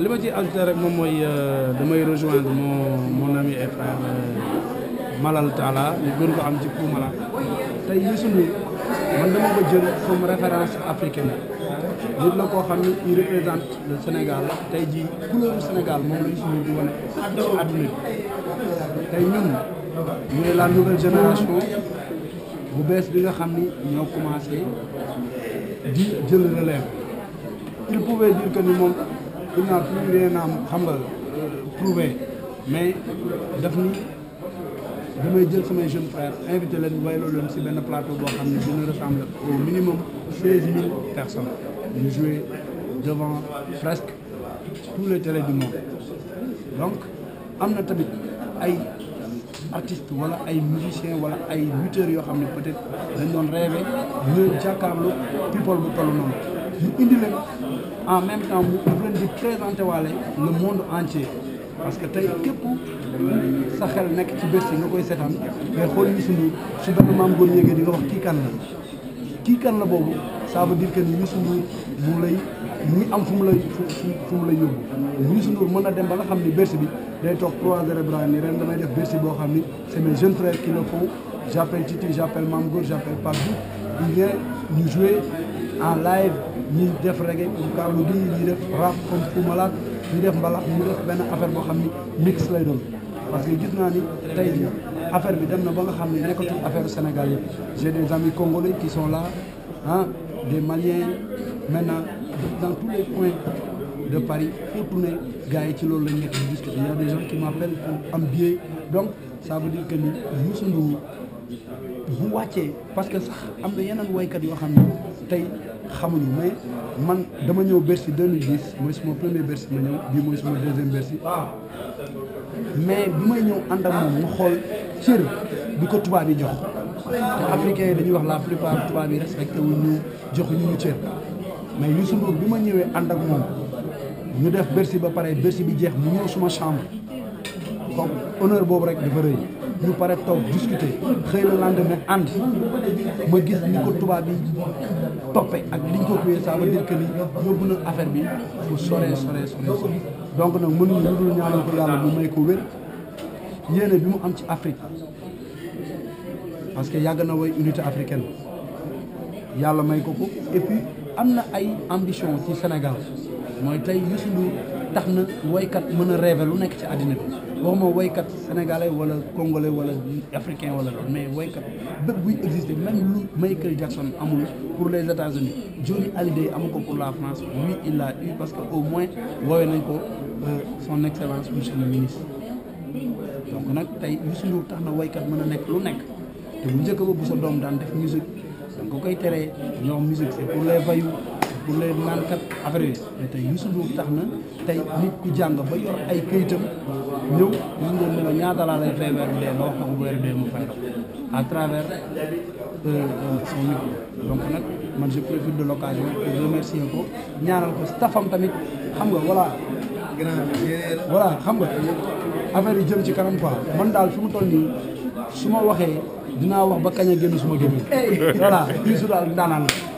lima ma ci ajouté moom mooy euh, damay rejoindre mon mon ami et frère euh, Malal Talla ñu gën ko am ci Pou Malal tey Youssou Ndour man dama ko jël comme référence africaine nit la koo xam ni il représente le wane ci àdduna tey ñun ñu ne nouvelle génération bu bees bi nga xam ni ñoo commencé di jël relève il pouvait dire que moom. il naa plus rien à xam nga prouver mais daf ni damay jël samay jeunes frères invité leen wayloo leen si benn plateau boo xam ne dina ressembler au minimum seize mille personnes ñu jouer devant presque tous les télés du monde donc am na tamit ay artiste wala ay musicien wala ay lutteurs yoo xam ne peut-être dañ doon rêver ñu jàkkaarlu people bu toll noonu ñu indi leen en même temps mu leen di présenté waale le monde entier parce que tey képp sa xel nekk ci bés yi nga koy seetaan ngay xool Youssou Ndour su benn maam góor yéegee di nga wax kii kan la kii kan la boobu ça veut dire que ni Youssou Ndour mu lay am fu mu lay fu mu lay yóbbu Youssou Ndour mën na dem bala xam ni Bercy bi day toog croiser les bras ni ren damay def Bercy boo xam ni c'est mes jeunes frères qui le font j'appelle Titi j'appelle Mame Gour j'appelle Pape Diouf ñu jouer en live ñi def reggae comme Carlou D ñi def rap comme Fou Malade ñi def mbalax ñi def benn affaire boo xam ni mix lay doon parce que gis naa ni tey affaire bi dem na ba nga xam ne nekkatul affaire Sénégal yëpp j'ai des amis congolais qui sont là ah des maliens maintenant dans tous les points de Paris foo tourné gars ci loolu lañ nekk di discuter y a des gens pour am billet donc ça veut dire que ni Youssou Ndour bu wàccee parce que sax am na yeneen woykat yoo xam ne tey xamuñu mais man dama ñëw Bercy 2010 mooy suma premier Bercy ma ñëw bii mooy suma deuxième Bercy ah. mais bi may ñëw ànd ak moom ma xool cër bi ko tubaab yi jox te africains yi dañuy wax la plupart tubaab yi respecté wu ñu jox ñu ñu cër mais Youssou Ndour bi ma ñëwee ànd ak moom ñu def bersi ba pare Bercy bi jeex mu ñëw suma chambre toog honneur boobu rek dafa rëy ñu pare toog discuter xëy na lendemain ànd ma gis ni ko tubaab yi toppe ak liñ ko kuyee ça veut ni yóbbu na affaire bi bu sore sore sore sore donc nag mënuñu lu dul ñaanal ko yàlla mu may ko wér yéene bi mu am ci Afrique parce que yàgg na woy unité africaine yàlla may ko ko et am na ay ambition ci Sénégal mooy tey Youssou tax na woykat mën a rêver lu nekk ci àddina bi waxuma woykat sénégalais wala congolais wala africain wala loolu mais woykat bépp buy exister même lu Michael Jackson amul pour les États-Unis Johnny Hallyday amu ko pour la France lui il l'a eu parce que au moins woowee nañ ko euh, son excellence monsieur le ministre donc nag tey Youssou Ndour tax na woykat mën a nekk lu nekk te bu njëkk ba bu sa doom daan def musique danga koy tere ñoom musique c'est pour les voyous bu leen naan kat affaire yooyu mais tey Youssou Ndour tax na tey nit ku jàng ba yor ay këyitam ñëw Youssou Ndour ne la ñaata laa lay fay bu dee mu euh, euh, nag man je profite de l'occasion pour remercier ko ñaanal ko staffam tamit xam nga voilà voilà xam nga affaire yi jëm ci kanam quoi man daal fi mu toll nii su ma waxee dinaa wax ba kañ a génn suma génn voilà Youssou daal ndaanaan la